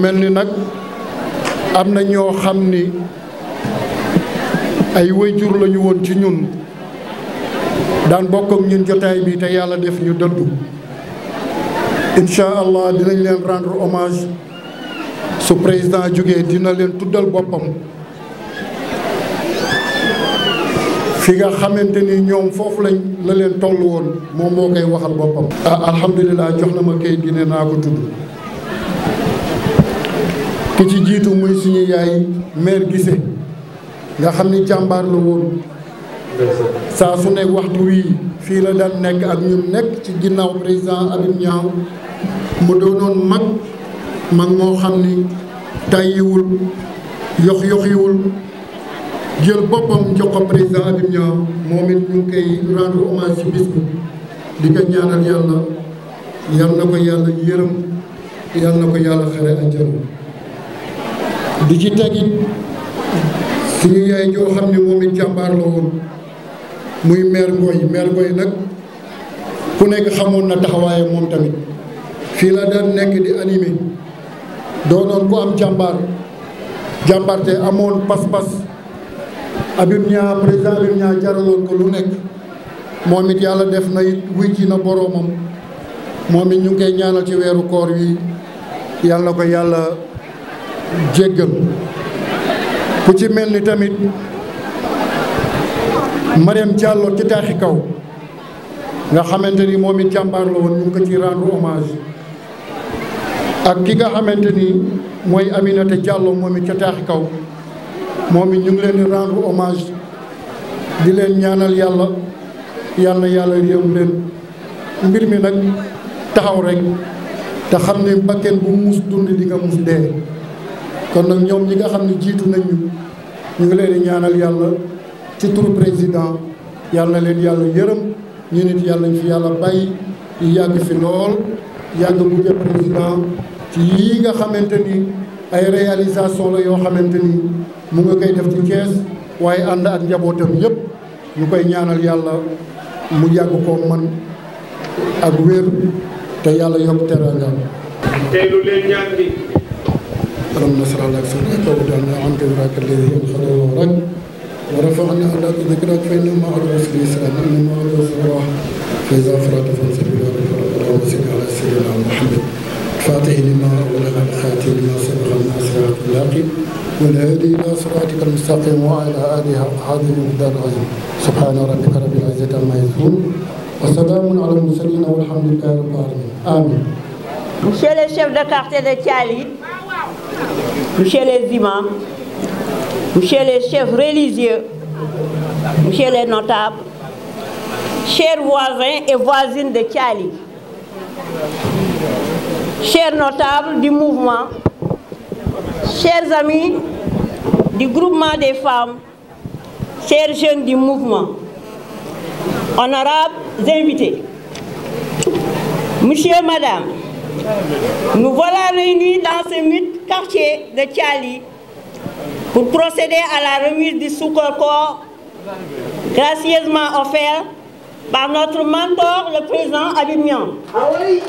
mel ni nag am na ñoo xam ni ay wayjur lañu woon ci ñun daan bokk ak ñun jotaay bi te yàlla def ñu dëddu incha allah dinañ leen rendre hommage su président jógee dina leen tuddal boppam fi nga xamante ni ñoom foofu lañ la leen toll woon moom moo koy waxal boppam ah alhamdulilah jox na ma kayit gi ne naa ko tudd ki ci jiitu muy suñu yaay mère Guissé nga xam ni jàmbaar la woon saa su ne waxtu wii fii la daan nekk ak ñun nekk ci ginnaaw président Habib Niang mu doonoon mag mag moo xam ni tàyyiwul yox yoxiwul jël boppam jox ko président Habib Niang moom it ñu koy rendre ci bis bi di ko ñaanal yàlla yal na ko yàlla yërëm yal na ko yàlla xare àjjana di ci tegit suñu yaay joo xam ne moom it jàmbaar la woon muy maire Ngoye maire Ngoye nag ku nekk xamoon na taxawaayam moom tamit fii la daan nekk di animé doonoon ku am jàmbaar jàmbaar te amoon pas-pas Habib Niang président Habib Niang jaraloon ko lu nekk moom it yàlla def na it wuy ci na boroomam moom it ñu ngi ñaanal ci weeru koor wi yàlla na ko yàlla jéggal ku ci mel ni tamit Mariam jàlloo ci taaxi kaw nga xamante ni moom it jàmbaar la woon ñu ngi ko ci rendre hommage ak ki nga xamante ni mooy Aminata jàlloo moom it ca taaxi kaw moom it ñu ngi leen di rendre di leen ñaanal yàlla yàlla yàlla yëm leen mbir mi nag taxaw rek te xam ne bakken bu mus dund di nga mus dee kon nag ñoom ñi nga xam ne jiitu nañu ñu ngi leen di ñaanal yàlla ci turu président yàlla na leen yàlla yërëm ñu nit yàlla ñu fi yàlla bàyyi yàgg fi lool yàgg bu jë président ci yii nga xamante ni ay réalisation la yoo xamante ni mu nga koy def ci Thiès waaye ànd ak njabootam yëpp ñu koy ñaanal yàlla mu yàgg ko man ak wér te yàlla yokk teraanga tey lu leen ñaan bi alam nasrah laka sadrak wa wada'na anka wizrak alladhi anqadha wizrak wa rafa'na laka dhikrak fa inna ma'a al-usri yusra inna ma'a al-usri fa idha faragta fansab ila rabbika warkab wa salli ala sayyidina Muhammad الفاتح لما أغلق الخاتم لما سبق الناصر اللاقي والهادي إلى صراطك المستقيم وعلى آله هذه المقدار العظيم سبحان ربك رب العزة عما يصفون وسلام على المرسلين والحمد لله رب العالمين آمين Monsieur le chef de quartier de Thialy monsieur les imams, monsieur les chefs religieux, monsieur les notables, chers voisins et voisines de Thiali, chers notables du mouvement, chers amis du groupement des femmes, chers jeunes du mouvement, honorables invités, monsieur, madame, Nous voilà réunis dans ce mythe quartier de Thiali pour procéder à la remise du Soukorkor gracieusement offert par notre mentor, le président Abimian. Ah oui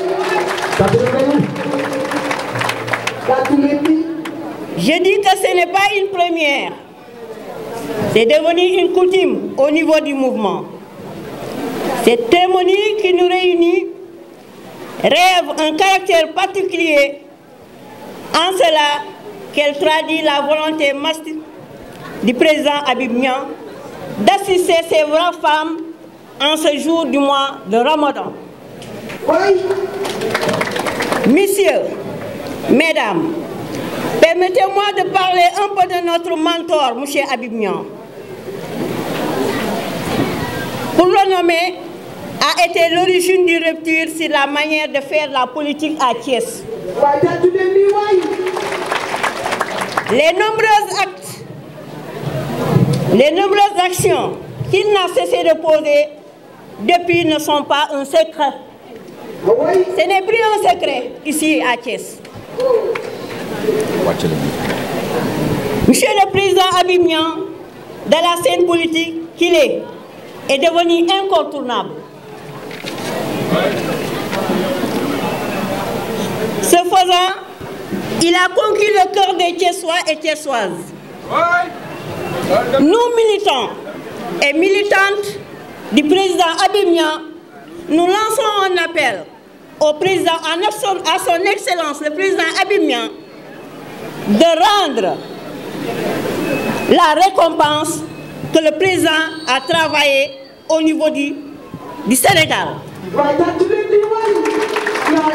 Je dis que ce n'est pas une première. C'est devenu une coutume au niveau du mouvement. Cette témonie qui nous réunit rêve un caractère particulier en cela qu'elle traduit la volonté mastique du président Habib Niang d'assister ces vraies femmes en ce jour du mois de Ramadan. Messieurs, mesdames, permettez-moi de parler un peu de notre mentor, M. Habib Niang. Pour le nommer, a été l'origine d'une rupture sur la manière de faire la politique à Thiès. Les nombreux actes, les nombreuses actions qu'il n'a cessé de poser depuis ne sont pas un secret. Ce n'est plus un secret ici à Thiès. Monsieur le Président Abimian, de la scène politique qu'il est, est devenu incontournable. Ce faisant, il a conquis le cœur des Thiessois et Thiessoises. Nous militants et militantes du président Abimia, nous lançons un appel au président, à son excellence, le président Abimia, de rendre la récompense que le président a travaillé au niveau du Sénégal. waaye la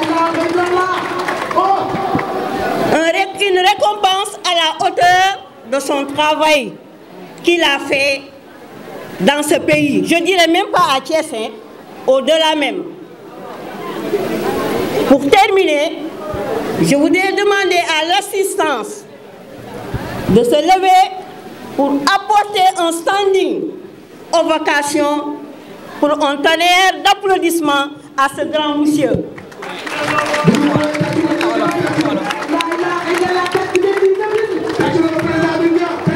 ilaha une récompense à la hauteur de son travail qu'il a fait dans ce pays je dirais même pas à Thiès hein, au-delà même pour terminer je voudrais demander à l'assistance de se lever pour apporter un standing aux vocations pour un tonnerre d'applaudissements à ce grand monsieur.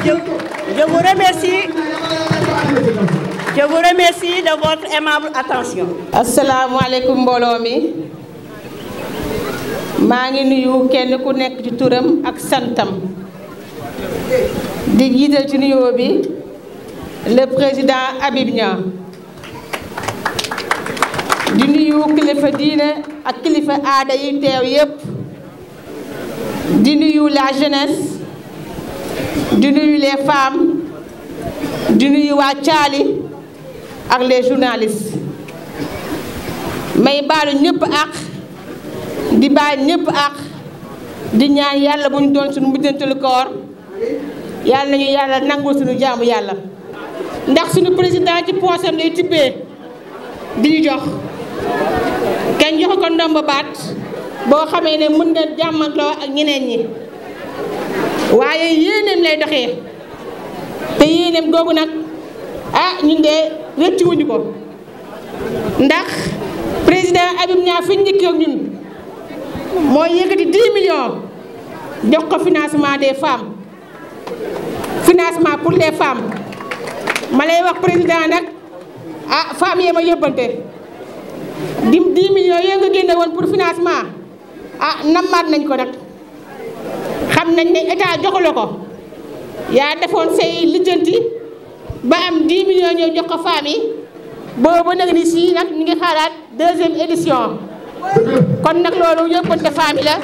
Je, vous remercie. Je vous remercie de votre aimable attention. asalaamaaleykum mbooloo mi maa ngi nuyu kenn ku nekk ci turam ak santam di jiital ci nuyoo bi le président Habib Niang di nuyu kilifa diine ak kilifa aada yi teew yépp di nuyu la jeunesse di nuyu les femmes di nuyu waa caali ak les journalistes may baalu ñëpp ak di baal ñëpp ak di ñaan yàlla bu ñu doon suñu mujjantalu koor yàlla nañu yàlla nangul suñu jaamu yàlla ndax suñu président ci poosam lay tibbee di ñu jox kenn joxe ko ndomb baat boo xamee ne mën na jàmmanloo ak ñeneen yi waaye yéeneem lay doxee te yéeneem googu nag ah ñun de rëcc wuñu ko ndax président Habib Niang fi njëkkee ak ñun mooy yëkkati 10 millions jox ko financement des femmes financement pour les femmes ma lay wax président nag ah femmes yee ma yóbbante dim 10 millions yooyu nga génne pour financement ah nammaat nañ ko nag xam nañ ne état joxula ko yaa defoon say lijjanti ba am 10 millions ñëw jox ko femme boobu nag ni sii nag ñu ngi xaaraat deuxième édition kon nag loolu yëppante femme la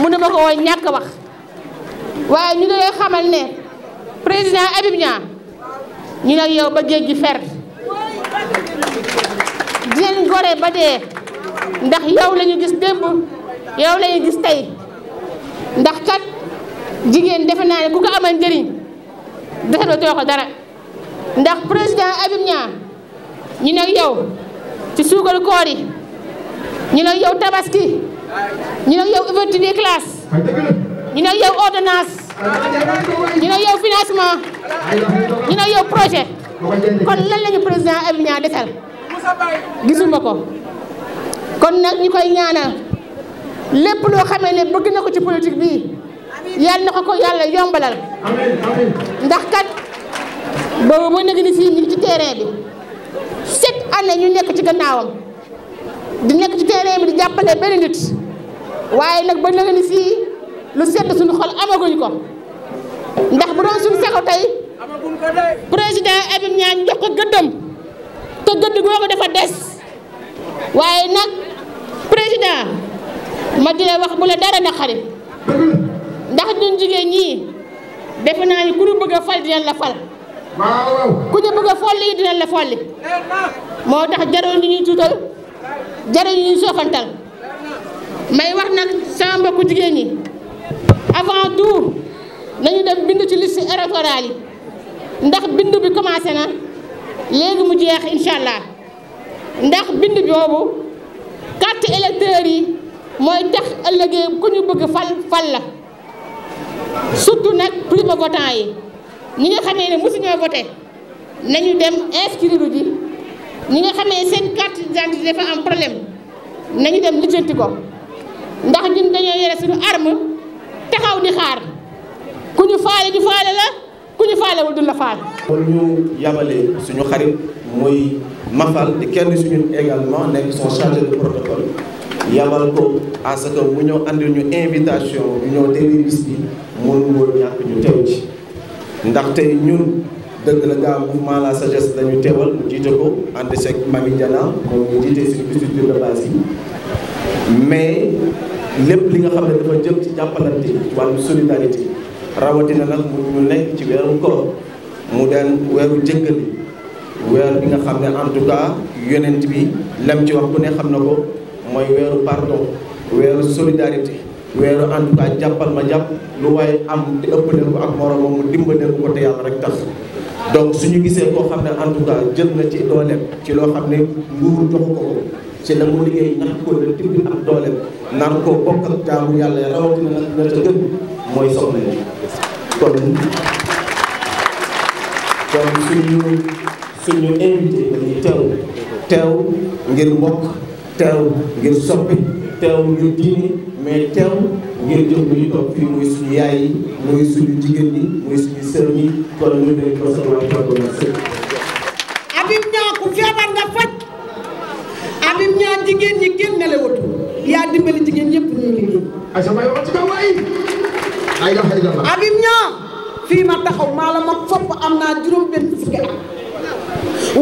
mënu ko woon ñàkk wax waaye ñu ngi xamal ne président Habib Niang ñu nag yow ba géej gi fer di leen gore ba dee ndax yow la gis démb yow lañu gis tey ndax kat jigéen defe naa ne ku ko amal njëriñ defe dara ndax président Habib Niang ñu ne yow ci suukaru koor yi ñu ne yow tabaski ñu ne yow ouverture des classes ñu ne yow ordonnance financement ñu ne yow projet kon lan lañu président Habib Niang desal gisuma ko kon nag ñu koy ñaanal lépp loo xamee ne bëgg na ko ci politique bii yàlla na ko ko yàlla yombalal ndax kat boobu ba nekk ni fii ñu ngi ci terrain bi sept années ñu nekk ci gannaawam di nekk ci terrain bi di jàppale benn nit waaye nag ba nekk ni fii lu sedd suñu xol amaguñ ko ndax bu doon suñu sago tey président Habib Niang jox ko gëddam que gëdd googu dafa des waaye nag président ma di la wax bu la dara naqari ndax ñun jigéen ñi defe naa ni ku ñu bëgg fal dinañ la fal ku ñu bëgg a folli dinañ la folli moo tax jaroon di ñuy tuutal jaroon di ñuy soofantal may wax nag sama mbokku jigéen ñi avant tout nañu dem bind ci liste électorale yi ndax bindu bi commencé na léegi mu jeex incha allah ndax bind boobu carte électeur yi mooy tax ëllëgee ku ñu bëgg fal fal la surtout nag primo-votants yi ñi nga xamee ne mosuñoo voté nañu dem inscrire ji ñi nga xamee seen carte d'identité dafa am problème nañu dem lijjanti ko ndax ñun dañoo yore suñu arme taxaw di xaar ku ñu faale ñu faale la ku ñu faalewul du la faal. kon ñu yabalee suñu xarit muy mafal di kenn suñu également nekk son chargé de protocole yabal ko à ce que mu ñëw àndil ñu invitation ñu ñëw teewi bis bi mënu woon ñàkk ñu teew ci ndaxte ñun dëgg la gaa mouvement la sagesse dañu teewal mu jiite ko ànd ceeg Mami Diana moom ñu jiite suñu structure de base yi mais lépp li nga xam ne dafa jëm ci jàppalante ci wàllu solidarité rawatina nag mu ñu nekk ci weeru koor mu daan weeru jëngal weer bi nga xam ne en tout cas yonent bi lam ci wax ku ne xam na ko mooy weeru pardon weeru solidarité weeru en tout cas jàppal ma jàpp lu waaye am di ëppale ko ak moromam mu dimbaleel ko te yàlla rek tax donc ñu gisee koo xam ne en tout cas jël na ci dooleem ci loo xam ne nguur joxu ko ko ci la mu liggéey nax ko la tibbi ak dooleem nar koo bokk ak jaamu yàlla ya nag na ca gën mooy kon kon suñu suñu invité dañuy teew teew ngir mbokk teew ngir soppi teew ngir diine mais teew ngir jëm ñu toog fii muy suñu yaay muy suñu jigéen ñi muy suñu sër kon ñu dañ ko sama togona sëg Habib Niang ku feebar nga faj Habib Niang jigéen ñi kenn la watu yaa dimbali jigéen ñëpp ñu ngi ay sama yoon fii ma taxaw maa la mag fopp am naa juróom benn fukki at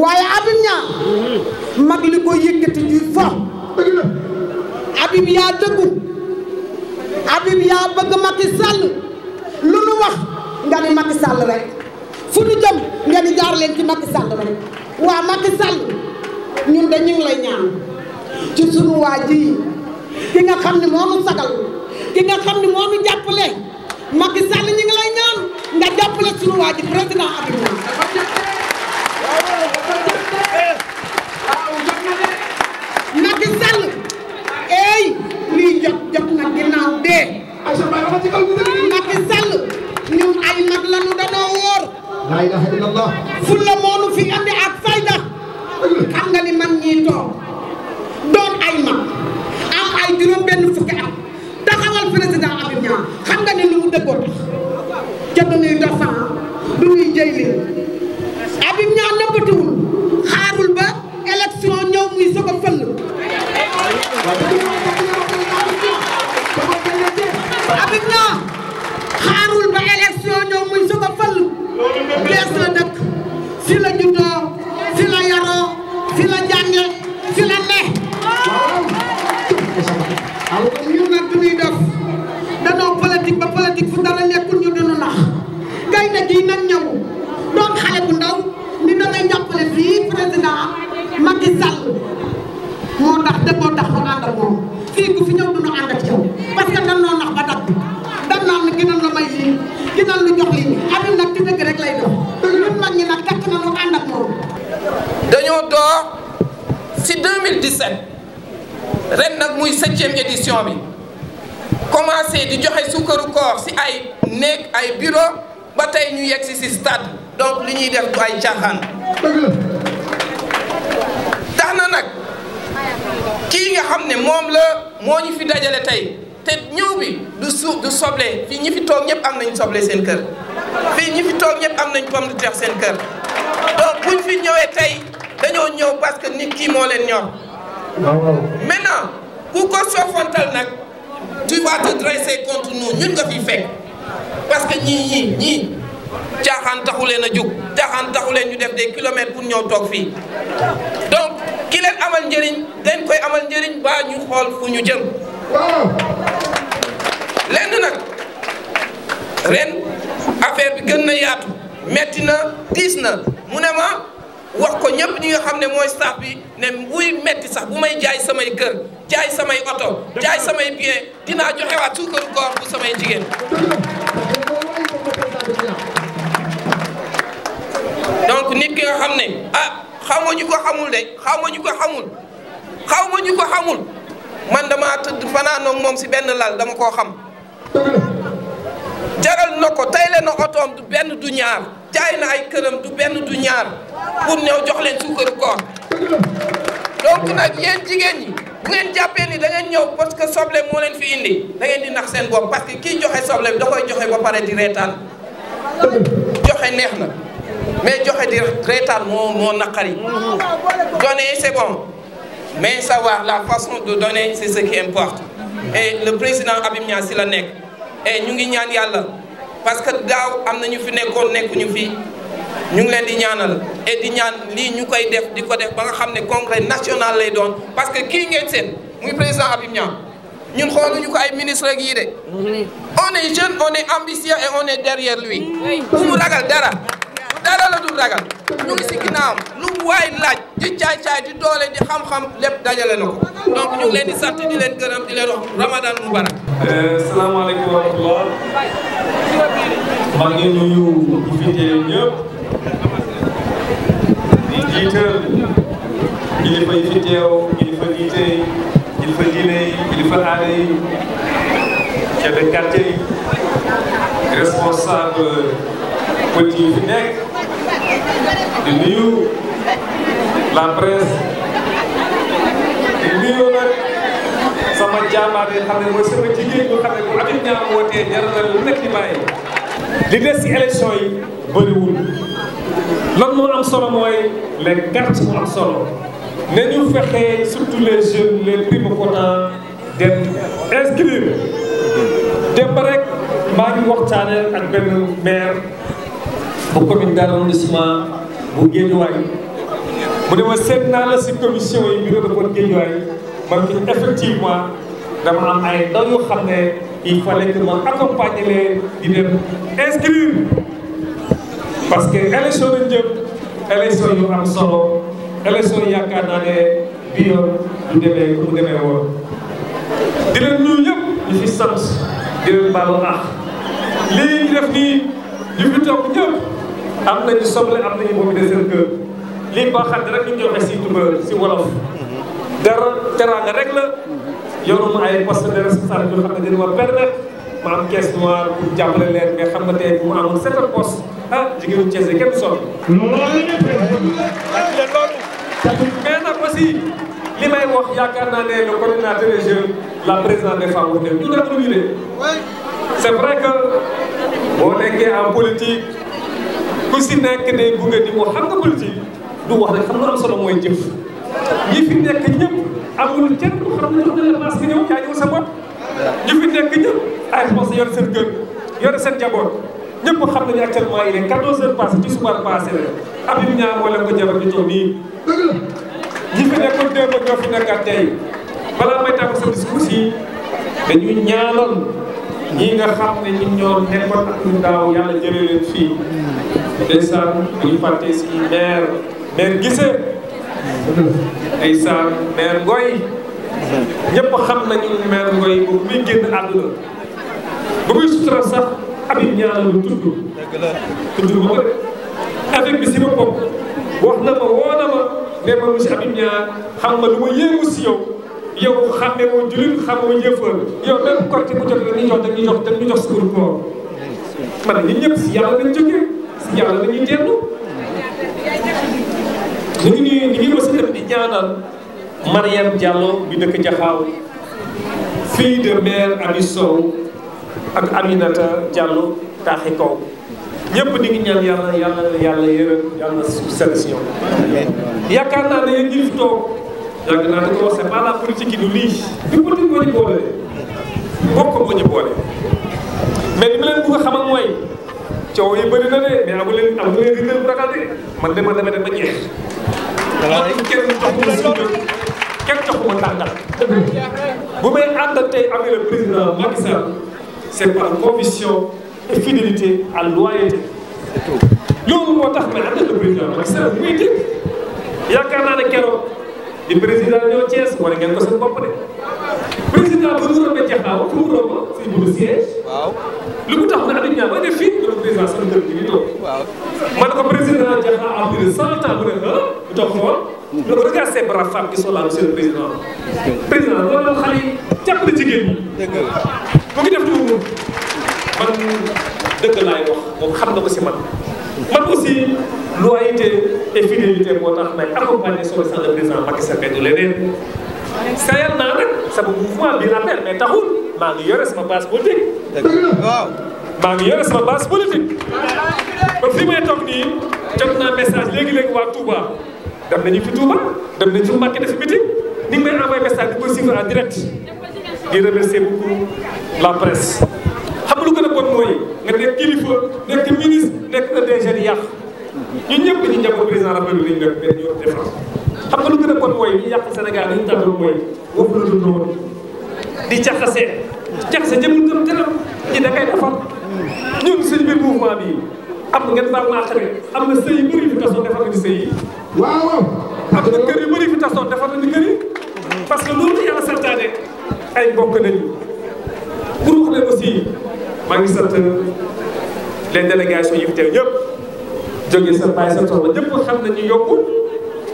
waaye Habib Niang mag li ko yëkkati ñuy fopp Habib yaa dëggu Habib yaa bëgg Macky Sall lu nu wax nga ni Macky Sall rek fu nu jëm nga ni jaar leen ci Macky Sall rek waa Macky Sall ñun de ñu ngi lay ñaan ci sunu waa ji ki nga xam ne moo nu sagal ki nga xam ne moo nu jàppale Macky Sall ñu lay ñaan nga jàppale suñu waa ji président Habib Niang. Macky Sall ey lii jot jot na ginnaaw dee. Macky Sall ñun ay mag lañu danoo wóor. la ilaha illallah. fulla moonu fi andi ak fayda. xam man ñii toog doon ay mag am ay juróom benn fukki at taxawal président Habib Niang xam nga ni lu mu dëggoo kenn du ñuy dox sax du ñuy jëy li dañoo doo mu ànd mille moom. dañoo door ren nag muy septième édition bi commencé di joxe sukkaru koor si ay néeg ay bureau ba tey ñu yegg si si stade donc li ñuy def du ay caaxaan. tax na nag kii nga xam ne moom la moo ñu fi dajale tey. te ñëw bi du su du soble fii ñi fi toog ñëpp am nañ soble seen kër fii ñi fi toog ñëpp am nañ pomme na terre seen kër donc buñ fi ñëwee tey dañoo ñëw parce que nit kii moo leen ñor. maintenant ku ko soofantal nag tu vas te dresser ñun nga fi fekk parce que ñii ñii ñii caaxaan taxu leen a jóg caaxaan taxu leen ñu def des kilomètres pour ñëw toog fii donc ki leen amal njëriñ dañ koy amal njëriñ ba ñu xool fu ñu jëm. lenn nag ren affaire bi gën na yaatu. metti na diis na mu ne ma wax ko ñëpp ñi nga xam ne mooy staff bi ne buy metti sax bu may jaay samay kër jaay samay oto jaay samay bien dinaa joxewaat suukaru koor bu samay jigéen donc nit ki nga xam ne ah xaw ma ñu ko xamul xaw ma ñu ko xamul xaw ma ñu ko xamul man dama tëdd fanaanoog moom si benn lal dama koo xam jaral na ko tayle na otoom du benn du ñaar jaay na ay këram du benn du ñaar pour ñëw jox leen suukaru koor donc nag yéen jigéen ñi bu ngeen jàppee ni da ñëw parce que soble moo leen fi indi da ngeen di nax seen bopp parce que kii joxe soble bi da koy joxe ba pare di reetaan joxe neex na mais joxe di reetaan moo moo naqari donner c'est bon mais savoir la façon de donner c'est ce qui importe le président Habib Niang si la nekk ñu ngi ñaan yàlla parce que daaw am na ñu fi nekkoon ñu fi ñu ngi leen di ñaanal et di ñaan lii ñu koy def di ko def ba nga xam ne congrès national lay doon parce que kii ngeen seen muy président Habib Niang ñun ñu ko ay ministre ak yii de on est jeune on est ambitieux et derrière lui bu mu ragal dara du dara la dul ragal ñu ngi si ginnaawam lu waay laaj di caay-caay di doole di xam-xam lépp dajale na donc ñu leen di sant di leen gërëm di leen wax ramadan mubarak euh, salaamaaleykum wa rahmatullah maa ngi nuyu ñu fi teew ñëpp di jiital kilifa yi fi teew kilifa diite yi kilifa diine yi bët yi fi nekk di nuyu la presse di nuyu nag sama jaamaate xam ne mooy sama jigéen ñu xam ne bu amit ñaam wootee jaral na lu nekk di bàyyi li des ci élection yi bëriwul lan moo am solo mooy les cartes moo am solo nañu fexe surtout les jeunes les primopotents dem inscrire dem ba rek maa ngi waxtaanee ak benn maire bu commune d'arrondissement bu Guédiawaay mu ne seet naa la si commission yi bureau de vote Guédiawaay man fi effectivement dama ay ndaw yu xam ne il fallait que ma accompagner leen di dem inscrire parce que élection lañ jëm élection yu am solo élection yaakaar naa bi yoon mu demee woon di leen nuyu yëpp ñu fi sant di leen baalu àq lii ñu nii ñu fi toog ñëpp am nañu soble am na mobiliser seen si wolof dara teraanga rek la yoonu ma ay poste de responsable yoo xam ne dañu war permettre ma am caisse noire pour jàppale leen mais xam a tey bu a amoon sept poste ah kenn sol loolu mais li may wax yaakaar naa ne le coordinateur des jeunes la présidente des femmes ñu nga ñu de c'est vrai que boo nekkee en politique ku si nekk ne bu nga di wax xam nga politique du wax rek xam ne na la masque ñëw yaa nekk ñëpp ay responsable yore seen xam nañu actuellement il est 14 heures passé ci suba passé la Habib Niang moo leen ko jabar ñu jox nii ñi fi nekkoon démb fi nekkaat tey balaa may tàggu sa discours yi dañuy ñaanal ñi nga xam ne ñun ñoo nekkoon ak ñun daaw yàlla jëlee leen fii ndeysaan bu ñu fàttee suñu maire maire gisee ndeysaan maire Ngoy ñëpp xam nañu maire Ngoy bu muy génn àdduna bu muy sutura sax Habib ñaanal lu tudd tudd bu ko avec bi si boppam wax na ma woo na ma ne ma monsieur Habib Niang xam nga lu ma yéemu si yow yow xàmme moo julit xàmme yëfër yow même corté bu jot la ñu jox dañuy jox dañuy jox sukur koor man nit ñëpp si yàlla lañ jógee yàlla la ñuy teewlu ñu ngi nuyu ñu ngi ma si def di ñaanal Mariam Diallo bi dëkk Jaxaaw fille de mère Ami Sow ak Aminata Diallo taaxi kaw ñëpp di ngi ñaan yàlla yàlla yàlla yërëm yàlla suuf seen si ñoom yaakaar naa ne yéen ñi fi toog yàgg naa di ko wax c'est pas la politique yi du lii bi politique moo ñu boole bokk moo ñu boole mais li ma leen bëgg a xamal mooy coow yi na de mais amu leen amu bu ragal de man de man dama dem ba jeex. walaay kenn joxu ma suñu kenn joxu ma tàngal bu may àndal tey avec le président Macky Sall par conviction et fidélité à loyauté. loolu moo tax may àndal le président Macky Sall muy naa ne keroog di président ñoo Thiès wala ngeen ko seen bopp de. président bu ñu rombee Diakhao fu mu romb si bureau siège. waaw lu mu tax na Habib Niang mooy def fii loolu président suñu dëkk bi ñu toog. waaw man ko président Diakhao am plus de cent ans bu ne ah ñu toog xool. ñu ko regarde ces braves femmes qui sont là monsieur le président. président loolu xale yi jàppale jigéen ñi. dëgg la mu ngi def lu mu mën man dëgg laay wax moom xam na ko si man. man aussi loyauté et fidélité moo tax may accompagner son excellence le président Macky Sall leneen. sayal naa nag sama mouvement bi rappel mais taxul maa ngi yore sama base politique. waaw maa ngi yore sama base politique. ba fi may toog nii jot naa message léegi-léegi waa Touba dem nañu fi Touba dem nañu fi Mbacké def meeting ni ngi may envoyé message di ko suivre en direct di remercier beaucoup la presse. xam nga lu gën a bon mooy nga nekk kilifa nekk ministre nekk un DG di yàq ñun ñëpp ñu jàpp président rappel bi lañu def benn yoon défense. xam nga lu gën a bon mooy ñu yàq Sénégal li ñu tàmbali mooy wóob la dund woon di jaxase jaxase jëm jëm jëlam ci da ngay defar ñun suñu biir mouvement bi am ngeen baal maa xamee am na sëy yu bëri yu fi tasoon defar am na kër yu bëri fi tasoon defar nañu kër yi parce que loolu yàlla santaane ay mbokk nañu pour wax leen aussi maa ngi sant les délégations yi fi teew ñëpp jógee sa bàyyi sa soxla ñëpp xam nañu yokkul.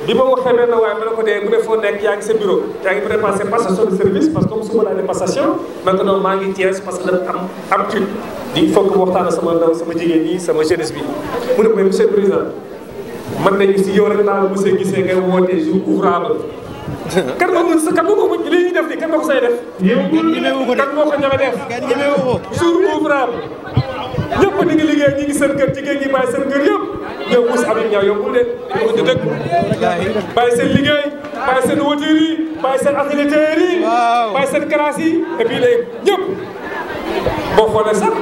bi ma waxee benn waaye ma ne dee bu dee foo nekk yaa ngi sa yaa ngi prépassé passation de service parce que comme suba laa ne passation ma ne ko ngi Thiès parce que am habitude di il waxtaan sama ndaw sama jigéen ñi mu ne ko monsieur président man dañu si kan moo mën sa kan moo ko li ñuy kan moo say def. kan moo ko ñeme def. ñemewu ko jour ouvrable ñëpp liggéey ngi seen kër jigéen ñi bàyyi seen kër yëpp. ñëw mos Habib Niang yombul de dañoo ko dëkk. bàyyi seen liggéey bàyyi seen voiture yi bàyyi seen accélérateur yi. waaw bàyyi seen classe yi et puis léegi ñëpp boo xoolee sax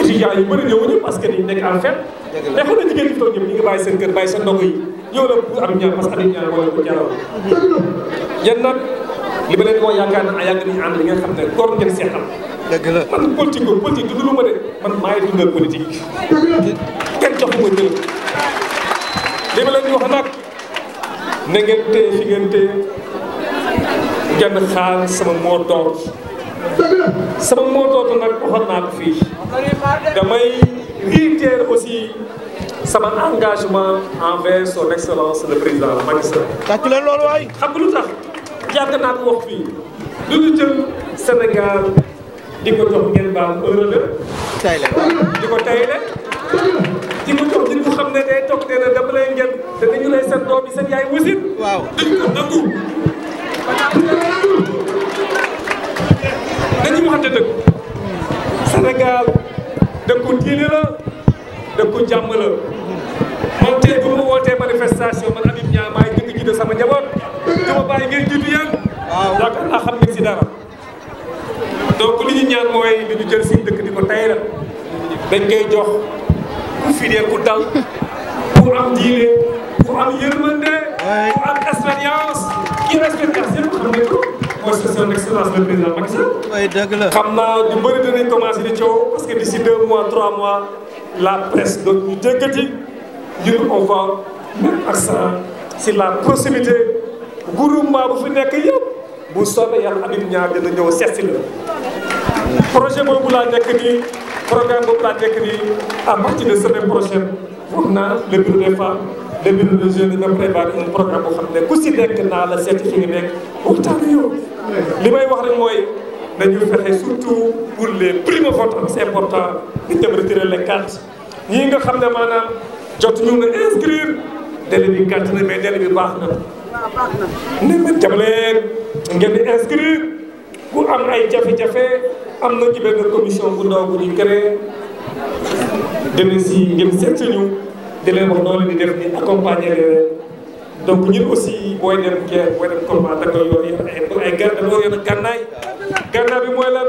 étudiants yu bëri ñëwuñu parce que dañu nekk en fête. dëgg la mais xoolal jigéen ñi toog ñëpp ñu ngi bàyyi seen kër bàyyi seen ndongo yi ñëw la pour Habib Niang parce que Habib Niang moo leen ko jaral. yéen nag li ma leen ko yaakaar naa yàgg nañu ànd li nga xam ne góor ngeen seetal. dëgg la man politique politique dundaluma de man maa ngi dundal politique kenn joxuma jël li ma leen di na ngeen téye fi ngeen téye ngeen sama moo door sama moo door nag waxoon naa ko fii damay réitérer aussi sama engagement envers son excellence le président Macky Sall. tàcc leen loolu waay. xam nga lu tax yàgg naa ko wax fii lu ñu Sénégal di ko jox ngeen baal heure la. di ko tayle. ne day toog nee na dama lay ngeen te dañu lay seen doom yi seen yaay wasit waaw dañ ko nangu dañu waxante Sénégal dëkku diine la dëkku jàmm la moom wootee manifestation man Habib Niang maa ngi dëkk jiite sama njaboot dama bàyyi ngeen jiitu yéen waaw yaakaar naa xam ngeen si dara donc li ñu ñaan mooy li jël si dëkk di ko tayral dañ koy jox ku fidèle dal ku am diine ku am yërmande ku am expérience parce que d'ici deux mois trois mois la presse doon ñu jékkati ñun on va accent si la proximité groupement bu fi nekk bu soobee yàlla amit ñaar dina ñëw seet la. projet boobu nekk nii programme boobu laa nekk nii à partir de semaine prochaine. pour naa le bureau des femmes le bureau des jeunes préparé un programme xam ne ku si nekk naa la seet fi nga nekk waxtaan yow li may wax rek mooy dañu fexe surtout pour les primo-votants c'est important di dem retirer les cartes nga xam ne maanaam jot ñu na inscrire délai bi gàtt na mais délai bi baax na ne ma dem leen ngeen di inscrire am ay jafe-jafe am na ci benn commission bu ndaw bu ñu créé demee si ngeen seet si ñu di leen wax noonu di def di accompagner leen donc ñun aussi booy dem guerre booy dem combat da nga yor yor ay ay gànnaar da nga yor bi mooy lan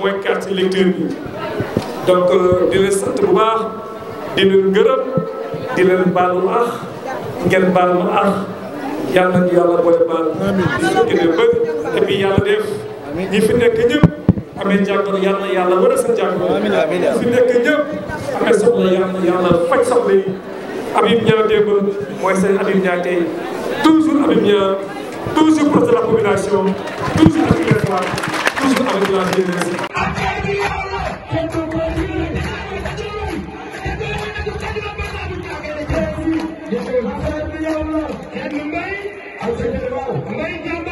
mooy carte électeur bi donc euh, di leen sant bu baax di leen gërëm di leen baal ma ax ngeen baal ma ax yàlla na yàlla boole baal. amiin di leen a bëgg et puis def ñi fi nekk ñëpp. amee jàngoro yal na yàlla war a seen jàngoro fi nekk ñëpp amee soxla yal na yàlla faj soxla yi Habib Niang démb mooy seen Habib Niang tey toujours Habib Niang toujours proche de la population toujours Habib Niang toujours Habib Niang Thank you.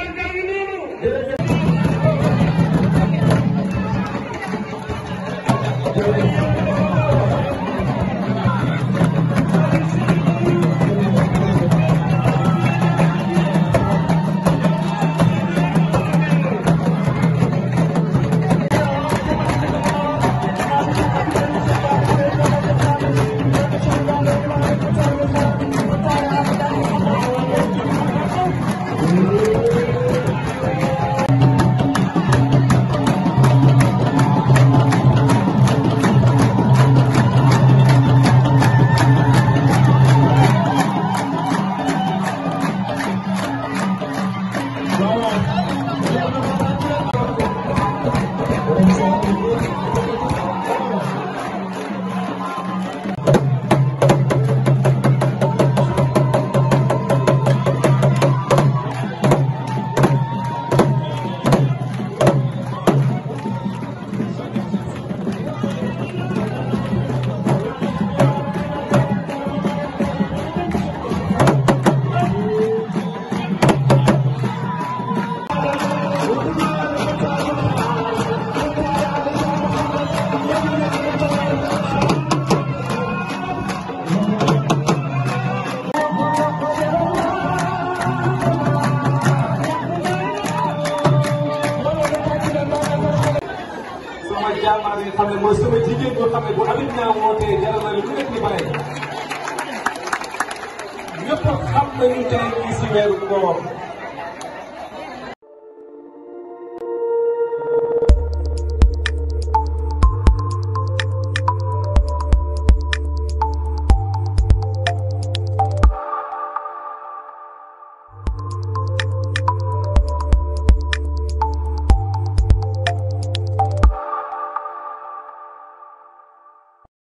moom